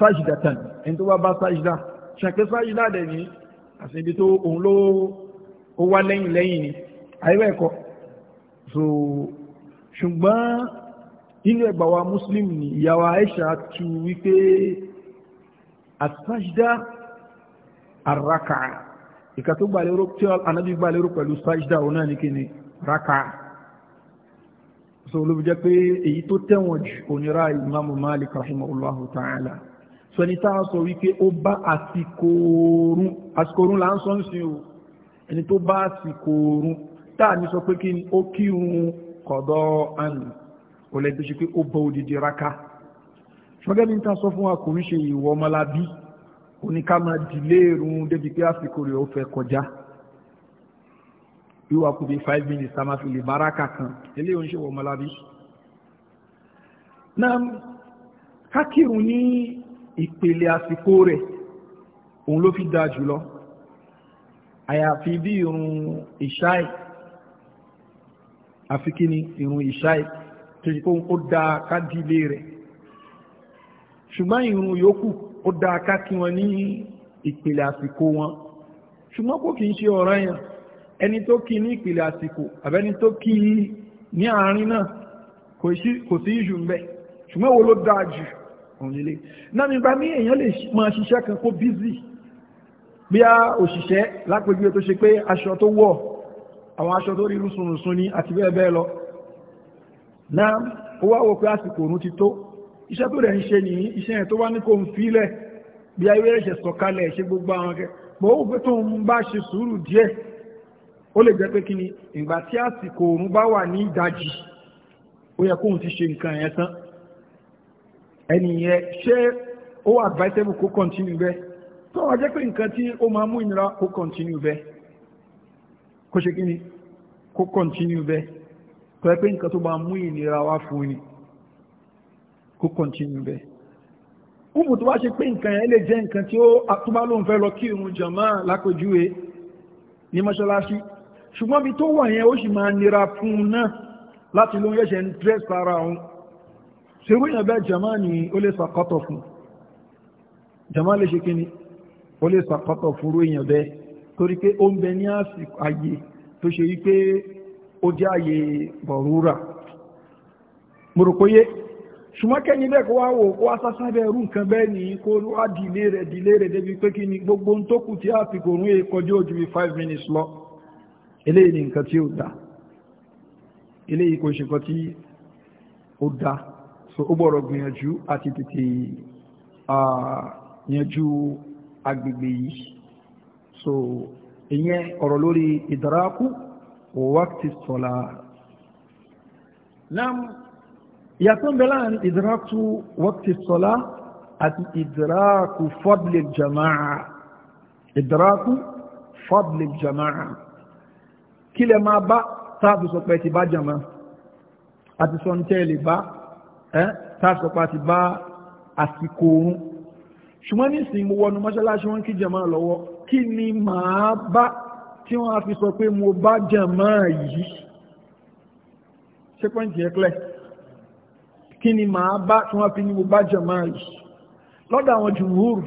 A: sajidatan ẹni tó bá bá sajida ṣàkẹ́ sajida dẹ̀ ní àti ibi tó òun so ṣùgbọ́n inú ẹgbà wa muslim ni ìyàwó aisha tu wípé asajda àràkà ìkà tó gbà lérò tí anábí gbà lérò pẹ̀lú sajida òun náà ní so ló fi jẹ́ pé èyí tó tẹ̀wọ̀n jù onírà ìmáàmù Malik rahimahullahu ta'ala so ẹni tá a sọ wípé ó bá àsìkò oorun àsìkò oorun là ń sọ ń sin o ẹni tó bá àsìkò oorun tá ní sọ pé kí ni ó kírun kọ̀dọ̀ àná ò lẹ́yìn tó pé ó bọ́ odidi raka ṣọ́gẹ́ ní ta sọ fún wa kò ń ṣe ìwọ ọmọlábí oníkàmá dìlé irun débi pé àsìkò rẹ̀ ó fẹ́ kọjá ìwà kù bí five minutes tá máa fi lè báraka kan eléyìí ń ṣe wọ ọmọlábí. náà kákìrún ní ìpele àsìkò rẹ̀ òun ló fi dáa jùlọ àyàfi bí irun ìṣáì àfi kí ni irun ìṣáì tó ṣe kó dáa ká dílé rẹ̀ ṣùgbọ́n irun yòókù ó dáa ká kí wọn ní ìpele àsìkò wọn ṣùgbọ́n kò kì í ṣe ọ̀ranyàn ẹni tó kí ní ìpìlẹ̀ àsìkò àbẹ́ni tó kí ní àárín náà kò sí ìṣù ń bẹ ṣùgbọ́n wo ló dáa jù òun náà nígbà ní èèyàn lè máa ṣiṣẹ́ kan kó bízì bí a òṣìṣẹ́ lápẹjú tó ṣe pé aṣọ tó wọ̀ àwọn aṣọ tó rí rúsunrùsun ni àti bẹ́ẹ̀ bẹ́ẹ̀ lọ náà ó wá wò pé àsìkò òun ti tó iṣẹ́ tó rẹ̀ ń ṣe nìyí iṣẹ́ yẹn tó wá ní kò ń fílẹ̀ bí ayé rẹ̀ ṣe sọ̀kalẹ̀ ṣe gbogbo àwọn kẹ́ bọ́ ó fẹ́ tó ń bá ṣe sùúrù díẹ̀ ó lè jẹ́ pé kí ni ìgbà tí àsìkò òun bá wà ní ìdajì ó yẹ kóun ti ṣe nǹkan yẹn tán ẹni ṣé ó wà advisable kó continue bẹ́ẹ̀ tó wà jẹ́ pé nǹkan tí ó máa mú ìnira kó continue bẹ́ẹ̀ kó ṣe kí ni kó continue bẹ́ẹ̀ tó yẹ pé nǹkan tó máa mú ìnira wá fún ni kó continue bẹ́ẹ̀ kúbù tó wá ṣe pé nǹkan yẹn lè jẹ́ nǹkan tí ó àtúbálòun fẹ́ lọ kí irun jàmáà lápèjúwe ní mọ́ṣáláṣí ṣùgbọ́n bí tó wà yẹn ó sì máa nira fún un náà láti ló ń yẹ́ṣẹ́ ń dress ara òun ṣerú èèyàn bẹ́ẹ̀ jama ni ó lè sàkọ́tọ̀ fún jama lè ṣe kíni ó lè sàkọ́tọ̀ fúrú èèyàn bẹ́ẹ̀ torí pé ó ń bẹ ní àsìkò ayé tó ṣe wípé ó jẹ́ ayé bọ̀rúra mùrùkóyé ṣùgbọ́n kẹ́ni bẹ́ẹ̀ kó wá wò kó wá sásá bẹ́ẹ̀ rú nǹkan bẹ́ẹ̀ ni kó wá dìlé rẹ̀ dìlé rẹ̀ débi pé kíni gbogbo ń tó kù tí àsìkò òun èèkọjú ojú bí five minutes lọ eléyìí ni nǹkan tí ó dá eléyìí kò ṣe nǹkan tí ó dá so ó gbọ́dọ̀ gbìyànjú àti tètè yanjú agbègbè yìí so ìyẹn ọ̀rọ̀ lórí ìdárakú wákìtì sọ̀la nam ìyàtọ̀ ń bẹ láàrin ìdárakú wákìtì sọ̀la àti ìdárakú fadlil jama'a ìdárakú fadlil jama'a kí lẹ máa bá táàbù sọ pé ti bá jàmá àti sọ ní tẹ́ẹ̀lì bá táàbù sọ pé ti bá àsìkò oorun ṣùgbọ́n nísìnyí mo wọnú mọ́ṣáláṣí wọn kí jàmá lọ́wọ́ kí ni màá bá tí wọ́n á fi sọ pé mo bá jàmá yìí ṣé pọ́ǹtì kí ni màá bá tí wọ́n fi ní mo bá jàmá yìí lọ́dọ̀ àwọn jùmúrù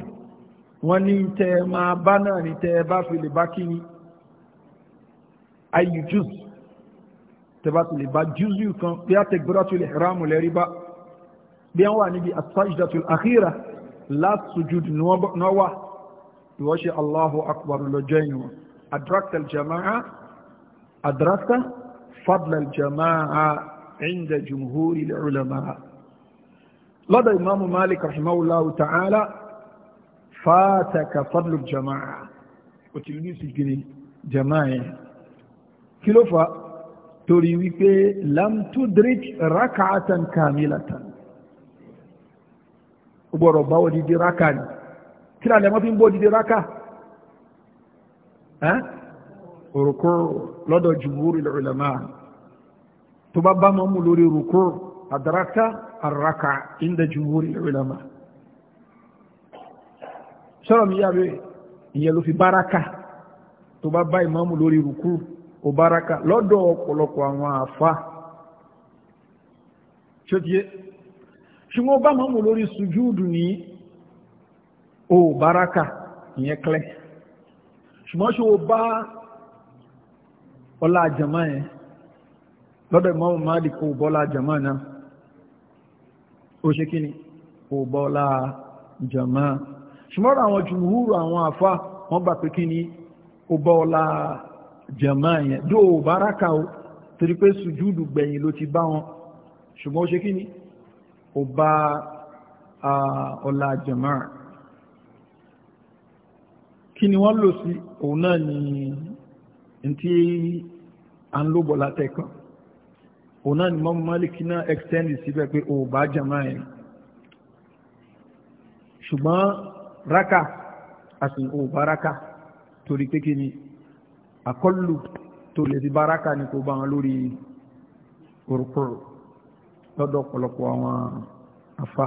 A: wọn ní tẹ́ máa bá náà ní tẹ́ bá fi lè bá kí ni ayu juz tẹ́bátìlì bá júzù kan bí a takbiratul ihram lẹ́rí bá bí wọ́n wà níbi as-sajdatul akhira last sujud nọ́wà ìwọ́ ṣe Allahu akbar lọ́jọ́ ìwọ̀n adraktal jama'a adrakta fadlal jama'a inda jumhuril ulama lọ́dọ̀ imamu malik rahimahullahu ta'ala fataka fadlul jama'a òtìlú ní jama'a kí ló fà torí wípé lam tudrik raka'atan kamilatan ó gbọ́dọ̀ bá wọ́n dídí raka ni kí lálẹ́ mọ́ fi ń bọ́ dídí raka òrùkú lọ́dọ̀ jumhuri ulama tó bá bá mọ́mú lórí òrùkú adraka arraka inda jumhuri ulama sọ́rọ̀ mi yàbẹ̀ ìyẹn ló fi báraka tó bá bá ìmọ́mú lórí òrùkú kò baraka lọ́dọ̀ ọ̀pọ̀lọpọ̀ àwọn àfa tí ó ti yé ṣùgbọ́n ó bá máa mú lórí sùjúùdù ní o baraka ìyẹn klẹ́ ṣùgbọ́n ṣe o bá ọlá àjàmá yẹn lọ́dọ̀ ìmọ̀mù máàdì kò bọ́lá àjàmá náà ó ṣe kí ni kò bọ́lá ṣùgbọ́n àwọn jùmúhùrù àwọn àfa wọ́n gbà pé kí ni ó bọ́lá jẹ̀mọ́ yẹn dó o bá rákà o torí pé sùjúdù gbẹ̀yìn ló ti bá wọn ṣùgbọ́n ó ṣe kí ni ó bá ọ̀la jẹ̀mọ́ kí ni wọ́n lò sí òun náà ni tí à ń lóbọ̀ látẹ̀kàn òun náà ni mọ́mú málìkì náà extend síbẹ̀ pé ó bá jẹ̀mọ́ yẹn ṣùgbọ́n rákà àti ó bá rákà torí pé kí ni àkọlù tó lè ti baraka ní kó bá wọn lórí kòròkòrò lọ́dọ̀ ọ̀pọ̀lọpọ̀ àwọn afá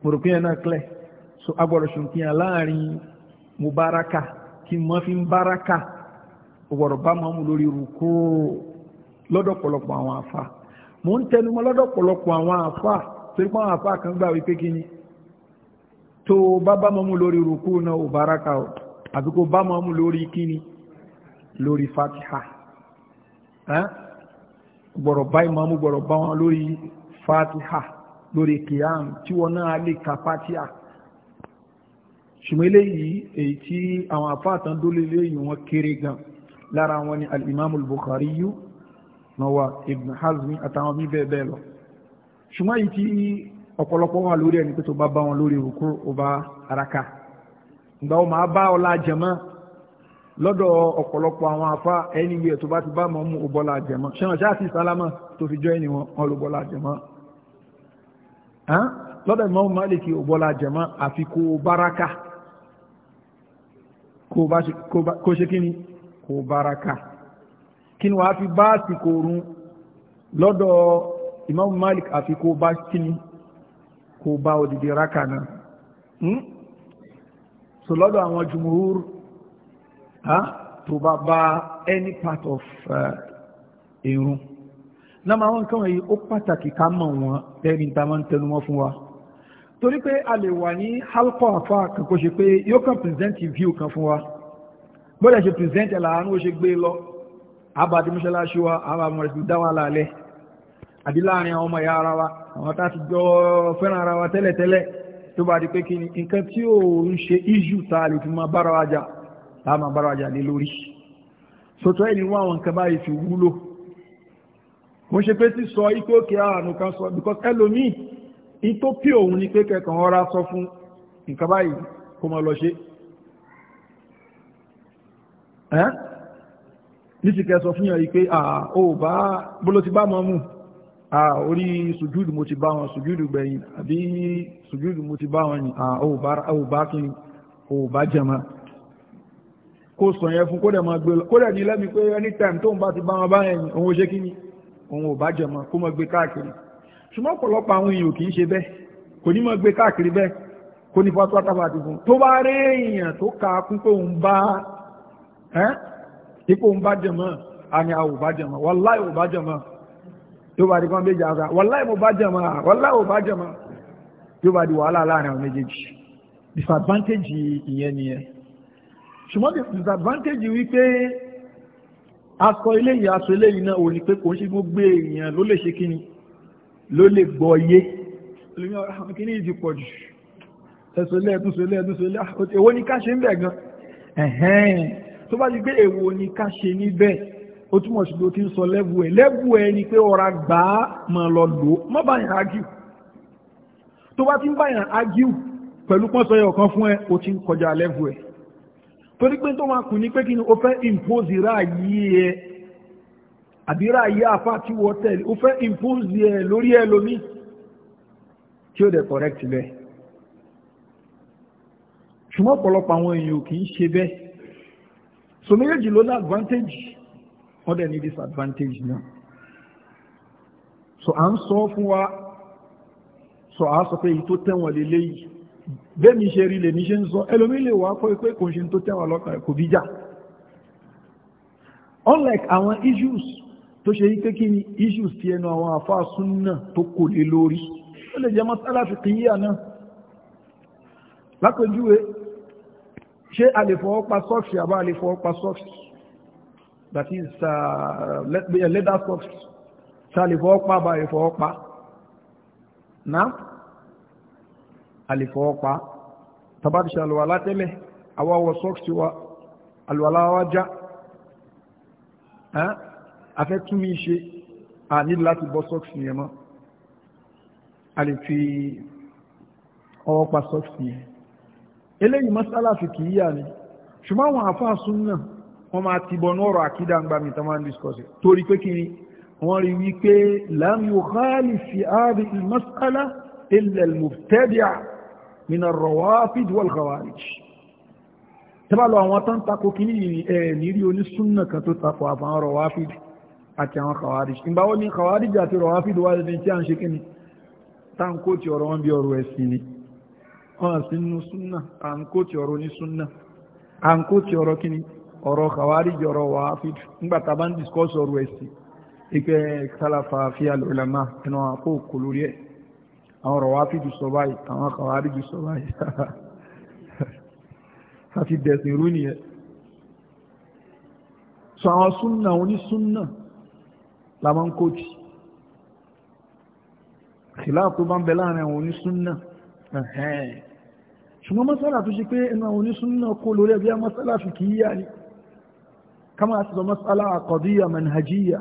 A: kòròkòrò yẹn náà clear so agbọ̀rọ̀ ṣùnkìyàn láàrin mubaraka kí mọ́ fi ń baraka ọgbọ̀rọ̀ bá mọ́ mú lórí rúkú lọ́dọ̀ ọ̀pọ̀lọpọ̀ àwọn afá mo ń tẹnumọ́ lọ́dọ̀ ọ̀pọ̀lọpọ̀ àwọn afá torí pọ́n àwọn afá kan gbà wípé kí ni tó bá bá mọ́ mú lórí rúkú náà ò baraka o àbí kò bá mọ́mú lórí kíni lórí fatiha gbọ́rọ̀ bá ìmọ̀mú gbọ́rọ̀ bá wọn lórí fatiha lórí kìyàm tí wọ́n náà lè ka fatiha ṣùgbọ́n eléyìí èyí tí àwọn afáàtàn dólé léyìn wọn kéré gan lára wọn ni al-imam al-bukhari yú nọwa ibn hazmi àtàwọn bí bẹ́ẹ̀ bẹ́ẹ̀ lọ ṣùgbọ́n èyí tí ọ̀pọ̀lọpọ̀ wà lórí ẹni pé tó bá bá wọn lórí rùkú ó araka ìgbà wọn máa bá ọlá jẹmọ́ lọ́dọ̀ ọ̀pọ̀lọpọ̀ àwọn afá ẹni wíyẹ̀ tó bá ti bá mọ̀mú ọbọ̀lá jẹmọ́ ṣẹ́wọ̀n ṣáà sí sálámà tó fi jọ ẹni wọn ọlọ́bọ̀lá jẹmọ́ lọ́dọ̀ ìmọ̀ Málìkì ọbọ̀lá jẹmọ́ àfi kó báraka kó ṣe kí ni kó báraka kí ni wàá fi bá àsìkò oorun lọ́dọ̀ ìmọ̀ Málìkì àfi kó bá kí ni kó bá òdìdí raka náà so lọ́dọ̀ àwọn jùmúhúr tó bá bá any part of uh, irun náà máa wọ́n kàn wọ̀nyí ó pàtàkì ká mọ̀ wọ́n lẹ́ni tá máa ń tẹnu mọ́ fún wa torí pé a lè wà ní halkọ́ àfá kan kó ṣe pé yóò kàn present view kan fún wa bọ́dẹ̀ ṣe present ẹ̀ láàánú ó ṣe gbé lọ àbàdí mọ́ṣáláṣí wa àbàmọ́ rẹ̀ dá wa lálẹ́ àbí láàrin àwọn ọmọ ìyá ara wa àwọn tá ti jọ fẹ́ràn ara wa tẹ́lẹ̀tẹ́lẹ̀ tó bá di pé kí ni nǹkan tí ó ń ṣe iṣu ta lè fi máa bára wájà láà máa bára wájà lé lórí sọtọ́ ẹni wọ́n àwọn nǹkan báyìí fi wúlò mo ṣe pé sí sọ ipé òkè àánú kan sọ because ẹlòmíì in tó pí òun ni pé kẹkàn ọra sọ fún nǹkan báyìí kó mọ lọ ṣe ní ti kẹ sọ fún yàn yìí pé ó bá bó ló ti bá mọ mú orí sùjúdù mo ti bá wọn sùjúdù gbẹ̀yìn àbí sùjúdù mo ti bá wọn yìn àwòbá kí òbá jẹma kó sọ yẹn fún kódẹ̀ máa gbé lọ kódẹ̀ ní lẹ́mi pé anytime tóun bá ti bá wọn báyẹn yìn òun ṣe kí ni òun òbá jẹma kó máa gbé káàkiri ṣùgbọ́n ọ̀pọ̀lọpọ̀ àwọn èèyàn kì í ṣe bẹ́ẹ̀ kò ní máa gbé káàkiri bẹ́ẹ̀ kó ní fatuwa tó bá di kan méjì àgbà wàláì mo bá jẹ̀mọ́ à wàláì ò bá jẹ̀mọ́ tó bá di wàhálà láàrin àwọn méjèèjì disadvantage ìyẹn nìyẹn ṣùgbọ́n disadvantage wípé aṣọ eléyìí aṣọ eléyìí náà ò ní pé kò ń ṣe gbogbo èèyàn ló lè ṣe kíni ló lè gbọ́ yé olùmí ah, ọ̀rọ̀ kíní ìdí pọ̀ jù ẹ̀sọ̀ lẹ́ẹ̀dún sọ lẹ́ẹ̀dún sọ lẹ́ẹ̀dún ah, èwo ni ká ṣe ń bẹ̀ gan tó bá ti gbé èwo ni ká ṣe níbẹ̀ ó túmọ̀ sí pé ó ti ń sọ lẹ́bù ẹ̀ lẹ́bù ẹ̀ ni pé ọ̀rá gbà á mọ̀ lọ lò ó má báyàn ágíù tó bá ti ń báyàn ágíù pẹ̀lú pọ́nsọ yẹ ọ̀kan fún ẹ ó ti ń kọjá lẹ́bù ẹ̀ torí pé tó máa kù ní pé kí ni ó fẹ́ impose ráàyè ẹ àbí ráàyè afá tí wọ́n tẹ̀lé ó fẹ́ impose ẹ lórí ẹ lómi tí ó dẹ̀ correct bẹ́ẹ̀ ṣùgbọ́n ọ̀pọ̀lọpọ̀ àwọn èèyàn kì í ṣe bẹ́ẹ̀ so méjèèjì ló ní advantage wọ́n dẹ̀ ní disadvantage náà so à ń sọ fún wa so à sọ pé èyí tó tẹ̀wọ̀n lélẹ́ yìí bẹ́ẹ̀ mi ṣe rí lèmi ṣe ń sọ ẹlòmí lè wá kọ́ pé kò ṣe tó tẹ̀wọ̀n lọ́kàn kò bí jà unlike àwọn issues tó ṣe yí pé kí ni issues ti ẹnu àwọn àfáà súnnà tó kò lé lórí ó lè jẹ́ mọ́sálà fi kì í yà náà lápèjúwe ṣé a lè fọwọ́ pa sọ́ọ̀ṣì àbá a lè fọwọ́ pa sọ́ọ̀ṣì that is uh, let be a leather soft ṣàlè fọwọ́pá bá ìfọwọ́pá ná àlèfọwọ́pá tàbátì ṣàlùwàlá tẹ́lẹ̀ àwọ̀wọ̀ sọ́ọ̀sì wa àlùwàlá wa já afẹ́ túnmí ṣe a ní láti bọ́ sọ́ọ̀sì yẹn mọ́ a lè fi ọwọ́ pa sọ́ọ̀sì yẹn eléyìí mọ́sálà fi kìí yà ni ṣùgbọ́n àwọn àfáà sún náà wọ́n máa ti bọ̀ nọ́rọ̀ àkídà ń gbà mí tán máa ń discuss it torí pé kí ni wọ́n rí wípé lam yukhali fi hadhihi al-mas'ala illa al-mubtadi' min ar-rawafid wal-khawarij tábàlọ́ àwọn tán takò kí ní ẹ̀ nírí onísúnnà kan tó takò àfàwọn a ń kó ti ọ̀rọ̀ ní súnnà à ń kó ti ọ̀rọ̀ kí ni ọ̀rọ̀ kàwárí jọ̀rọ̀ wà á fi ńgbàtà bá ń discourse ọ̀rọ̀ ẹ̀sìn ìpẹ́ sálàfà fi àlùlàmà ẹnu àpò kò lórí ẹ̀ àwọn ọ̀rọ̀ wà á fi jù sọ báyìí àwọn kàwárí jù sọ báyìí àti (laughs) dẹ̀sìn rú nìyẹn sọ àwọn súnà onísúnà la máa ń kóòtì ìlàpò bá ń bẹ láàrin àwọn onísúnà ṣùgbọ́n mọ́sálà tó ṣe pé ẹnu àwọn onísúnà kó lórí ẹgbẹ́ mọ́sálà fi kìí yá ni kama sọ masala àkọ̀díyà manhajiya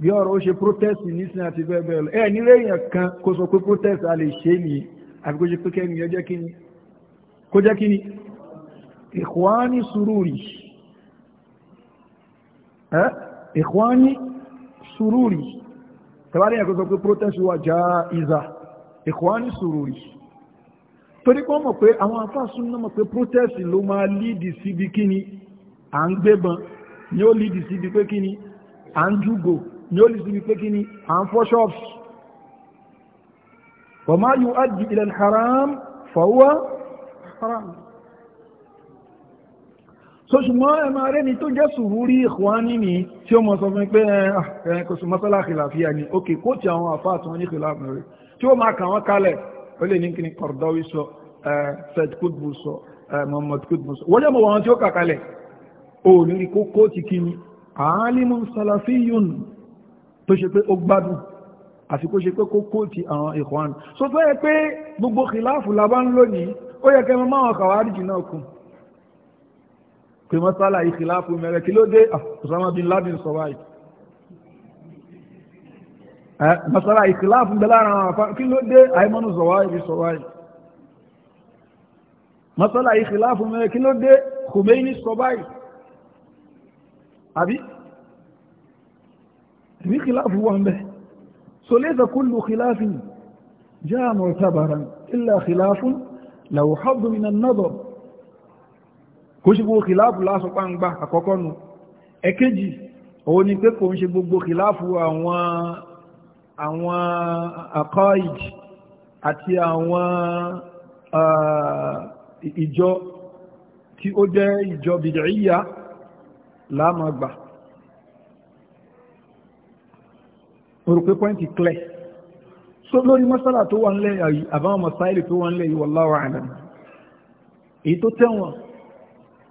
A: bí ọ̀rọ̀ ó ṣe protest nísìn àti bẹ́ẹ̀ bẹ́ẹ̀ lọ ẹ̀ nílé èèyàn kan kó sọ pé protest a lè ṣe nìyí àbí kó ṣe pé kẹ́niyàn jẹ́ kíni kó jẹ́ kíni ikhwani sururi ẹ́ ikhwani sururi tàbí àríyàn kó sọ pé protest wà já ìzà ikhwani sururi torí pé wọ́n mọ̀ pé àwọn afáàsùn náà mọ̀ pé protest ló máa lídì síbi kíni à ń gbébọn ni ó lídì síbi pé kíni à ń júgò ni ó lídì síbi pé kíni à ń fọ́ ṣọ́ọ̀bù wa ma yuaddi ila haram fa haram so ṣùgbọ́n ẹ máa rẹ́ni tó jẹ́ sùúrù ìkwáni ni tí ó mọ̀ sọ fún pé ẹ eh, ah, eh, mọ́sálà kìláfíà ni òkè kóòtù àwọn àfáà tí wọ́n ní kìláfíà rẹ̀ tí ó máa kà wọ́n kalẹ̀ ó lè kini kí so Qardawi sọ so Qutb sọ so Qutb sọ wọ́n lè mọ̀ wọn tí ó kàkalẹ̀ ó ni alimun salafiyun tó ṣe pé ó gbádùn àfi kó ṣe pé kókó ti àwọn Ikhwan so tó yẹ pé gbogbo kìláàfù laban ń lónìí ó yẹ kẹmọ máwọn kàwáríjì náà kù pé mọ́sálà yìí kìláàfù mẹ́rẹ̀ kí ló dé Osama ah, bin Laden sọ Eh, masala ìkìláàfù ń bẹ lára àwọn afá kí ló dé àìmọ́nù zọ̀wáì bí sọ̀wáì masala ìkìláàfù ń bẹ kí ló dé Khomeini sọ̀báì àbí ìbí kìláàfù wà ń bẹ so laysa kullu kìláàfù jaa mu'tabaran illa kìláàfù law hadd min an-nadar ṣe gbogbo kìláàfù lásọ pàǹgbà àkọ́kọ́ nu ẹ̀kejì òun ni pé kò ń ṣe gbogbo kìláàfù àwọn àwọn akọ́ìd àti àwọn ìjọ tí ó jẹ́ ìjọ bìdìríyà lámàgbà orùpé pọ́ìntì clear so lórí masala tó wà nílẹ̀ àbáwọn masáìlì tó wà nílẹ̀ wallahu a'lam èyí tó tẹ́wọ̀n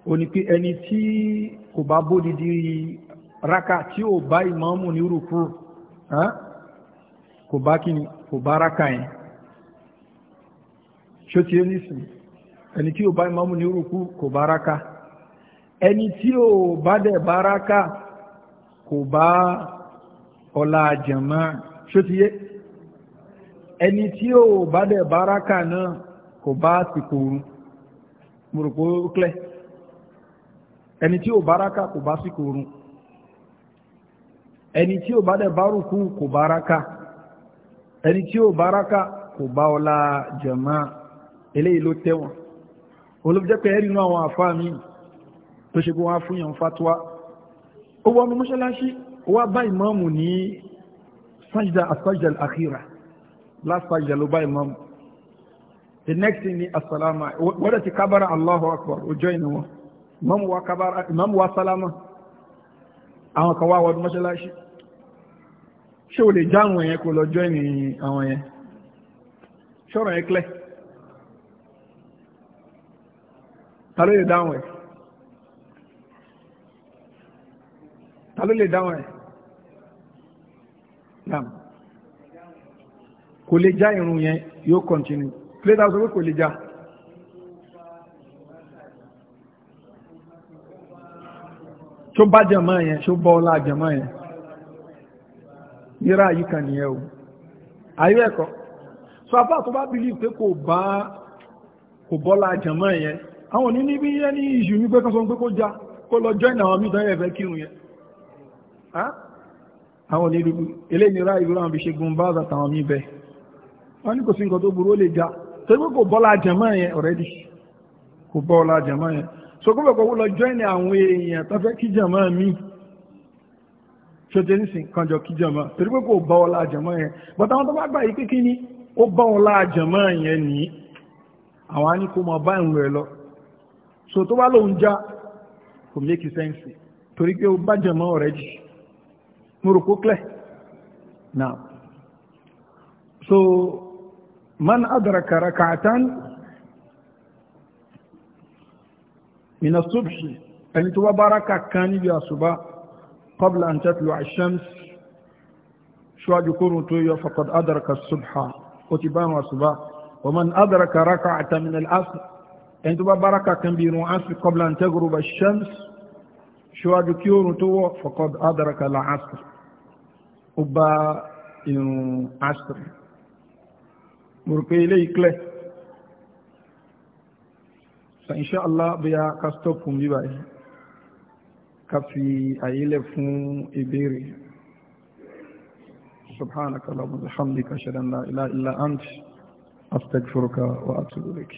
A: ò ní pé ẹni tí kò bá bó didi raka tí ò bá ìmáàmù ní rúkú kò bá kí ni kò bá rákà yẹn ṣó ti ní sùn ẹni tí ò bá ìmáàmù ní rúkú kò bá rákà ẹni tí ò bá dẹ̀ bá rákà kò bá ọlá àjẹmọ́ ṣó ti yé ẹni tí ò bá dẹ̀ bá rákà náà kò bá àsìkò oorun mo rò ẹni tí ò bá rákà kò bá àsìkò oorun ẹni tí ò bá dẹ̀ bá rúkú kò bá rákà ẹni tí ó báraka kò bá ọlá jàmá eléyìí ló tẹ́wọ̀n olùjẹ́ pé ẹ̀rí inú àwọn àfáà mi tó ṣe gbọ́n wá fún yàn fatuwa ó wọ́n mú mọ́ṣáláṣí wá bá ìmáàmù ní sajda asajda al-akhira last sajda ló bá ìmáàmù the next ni asalama wọ́n ti allahu akbar ó jọ ìnáwó ìmáàmù wa kábára ìmáàmù wa ṣé o lè já àwọn yẹn kó lọ join àwọn yẹn ṣọ́rọ̀ yẹn clear ta ló lè dáhùn ẹ̀ ta lè dáhùn ẹ̀ naam kò lè já irun yẹn yóò continue play down sọ pé kò lè já. tó bá jẹ̀mọ́ yẹn tó bọ́ ọlá jẹ̀mọ́ yẹn yíra yìí kàn nìyẹn o ayé ẹ̀kọ́ so apá tó bá believe pé kò bá kò bọ́lá àjàmọ́ yẹn àwọn òní níbi yẹn ní ìṣù ní pé kan sọ pé kó já kó lọ join àwọn míì tán yẹ fẹ́ kírun yẹn àwọn òní dúdú eléyìí ra ìlú àwọn already kò bọ́lá àjàmọ́ yẹn so kó bẹ̀ kó lọ join àwọn kí jàmọ́ míì tó jẹ́ nísìn kanjọ kí jẹmọ́ torí pé kò bá ọlá àjẹmọ́ yẹn but àwọn tó bá gbà yìí pé ni ó bá ọlá àjẹmọ́ yẹn ní àwọn á ní kó máa bá ìrùn rẹ̀ lọ so tó bá lòun já kò make sense torí pé ó bá jẹmọ́ rẹ̀ jì mo rò kó clear now so man adara kara min as-subh ẹni tó bá bá raka kan níbi àṣùbá قبل أن تطلع الشمس شو يكون توي فقد أدرك الصبح وتبان الصباح ومن أدرك ركعة من العصر أنت بركة كان عصر قبل أن تغرب الشمس شو يكون تويو فقد أدرك العصر أبا عصر مرقي ليك له فإن شاء الله بيا كاستوبكم ببعض ká fi àyílẹ̀ fún ìbéèrè subhanaka allahumma wa bihamdika ashhadu an la ilaha illa anta astaghfiruka wa atubu ilayk